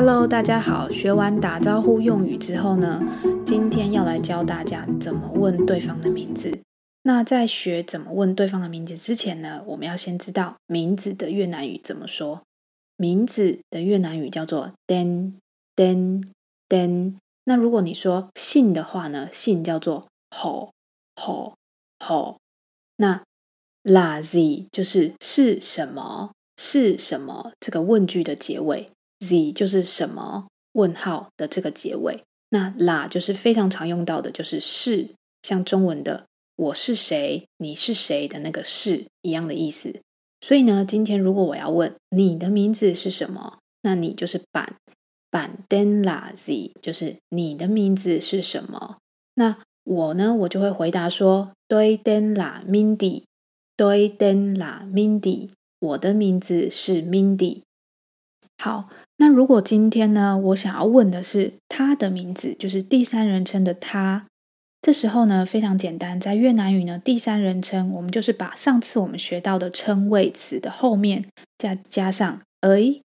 Hello，大家好。學完打招呼用語之後呢，今天要來教大家怎麼問對方的名字。那在學怎麼問對方的名字之前呢，我們要先知道名字的越南語怎麼說。名字的越南語叫做 tên tên tên。那如果你說姓的話呢，姓叫做 Họ Họ Họ。那 là gì 就是是什麼是什麼這個問句的結尾。Z 就是什麼問號的這個結尾，那 La 就是非常常用到的，就是是像中文的我是誰，你是誰的那個是一樣的意思。所以呢，今天如果我要問你的名字是什麼，那你就是板板 Den La Z，就是你的名字是什麼？那我呢，我就會回答說對 Den La Mindy，對 Den La Mindy，我的名字是 Mindy。好。那如果今天呢，我想要問的是他的名字，就是第三人稱的他。這時候呢，非常簡單，在越南語呢，第三人稱我們就是把上次我們學到的稱謂詞的後面再加，加上 “ấy、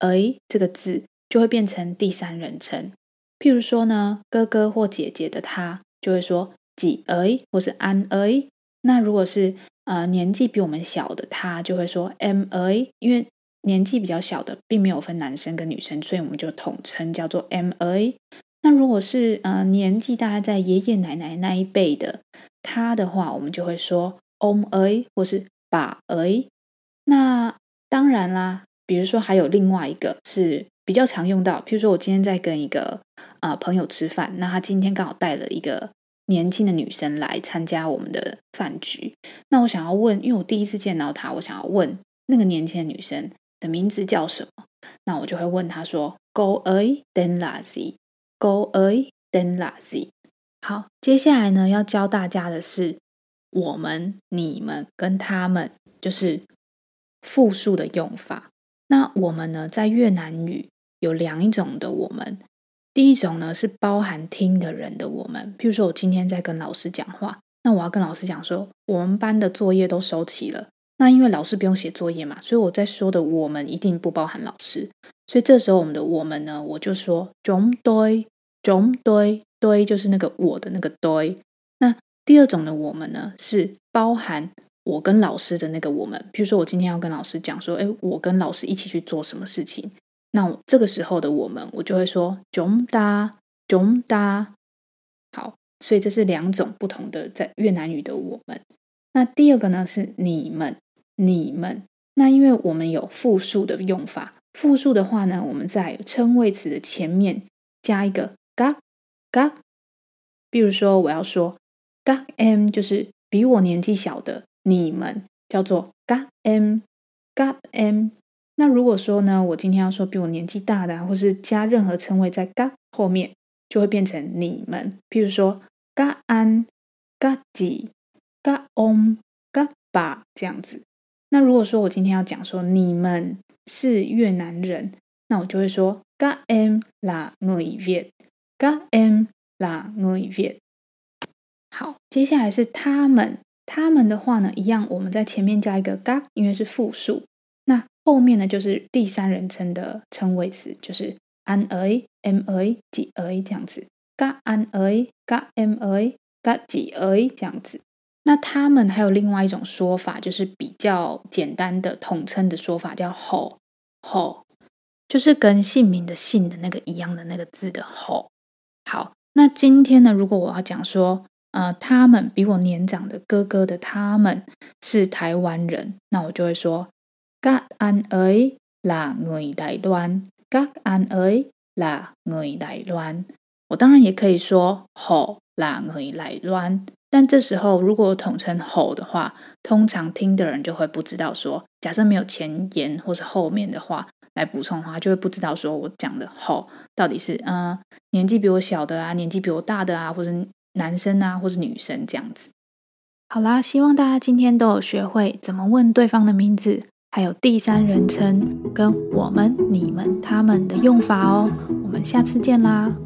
ấy” 這個字，就會變成第三人稱。譬如說呢，哥哥或姐姐的他就會說 chị ấy 或是 anh ấy。那如果是呃年紀比我們小的他，就會說 em ấy，因為。年紀比較小的，並沒有分男生跟女生，所以我們就統稱叫做 em ấy。那如果是呃年紀大概在爺爺奶奶那一輩的他的話，我們就會說 ông ấy 或是 bà ấy。那當然啦，比如說還有另外一個是比較常用到，譬如說我今天在跟一個呃朋友吃飯，那他今天剛好帶了一個年輕的女生來參加我們的飯局，那我想要問，因為我第一次見到她，我想要問那個年輕的女生的名字叫什麼？那我就會問他說：“Cô ấy tên là gì, cô ấy tên là gì。”好，接下來呢，要教大家的是我們、你們跟他們，就是複數的用法。那我們呢，在越南語有兩一種的我們，第一種呢是包含聽的人的我們，譬如說我今天在跟老師講話，那我要跟老師講說，我們班的作業都收齊了。那因為老師不用寫作業嘛，所以我在說的我們一定不包含老師，所以這時候我們的我們呢，我就說 Chúng tôi，Chúng tôi，tôi，就是那個我的那個 tôi。那第二種的我們呢，是包含我跟老師的那個我們，比如說我今天要跟老師講說，哎，我跟老師一起去做什麼事情，那這個時候的我們，我就會說 Chúng ta，Chúng ta。好，所以這是兩種不同的在越南語的我們。那第二個呢，是你們。你們那，因為我們有複數的用法，複數的話呢，我們在稱謂詞的前面加一個嘎嘎，比如說，我要說嘎 m，就是比我年紀小的你們，叫做嘎 m 嘎 m。那如果說呢，我今天要說比我年紀大的，或是加任何稱謂在嘎後面，就會變成你們。比如說嘎安嘎吉嘎 on 嘎巴這樣子。那如果說我今天要講說你們是越南人，那我就會說 các em là người Việt，các em là người Việt。好，接下來是他們，他們的話呢，一樣我們在前面加一個 các，因為是複數。那後面呢就是第三人稱的稱謂詞，就是 anh ấy, em ấy, chị ấy 這樣子，các anh ấy, các em ấy, các chị ấy 這樣子。這樣子那他們還有另外一種說法，就是比較簡單的統稱的說法，叫「吼吼」，就是跟姓名的姓的那個一樣的那個字的「吼」。好，那今天呢，如果我要講說，呃，他們比我年長的哥哥的他們是台灣人，那我就會說「嘎安埃拉原來亂，嘎安埃拉原來亂」。我當然也可以說「吼」。來，來亂，但這時候如果我統稱 “họ” 的話，通常聽的人就會不知道說，說假設沒有前言或者後面的話來補充的話，就會不知道說我講的 “họ” 到底是嗯、呃、年紀比我小的啊，年紀比我大的啊，或者男生啊，或者女生這樣子。好啦，希望大家今天都有學會怎麼問對方的名字，還有第三人稱跟我們、你們、他們的用法哦。我們下次見啦！